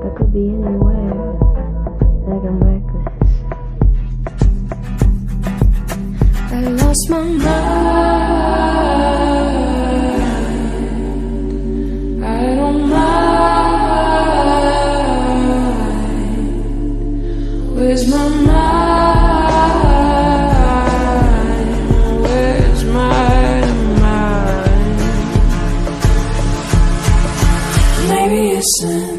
like I could be anywhere, like I'm reckless. I lost my mind. I don't mind. Where's my mind? Maybe it's in.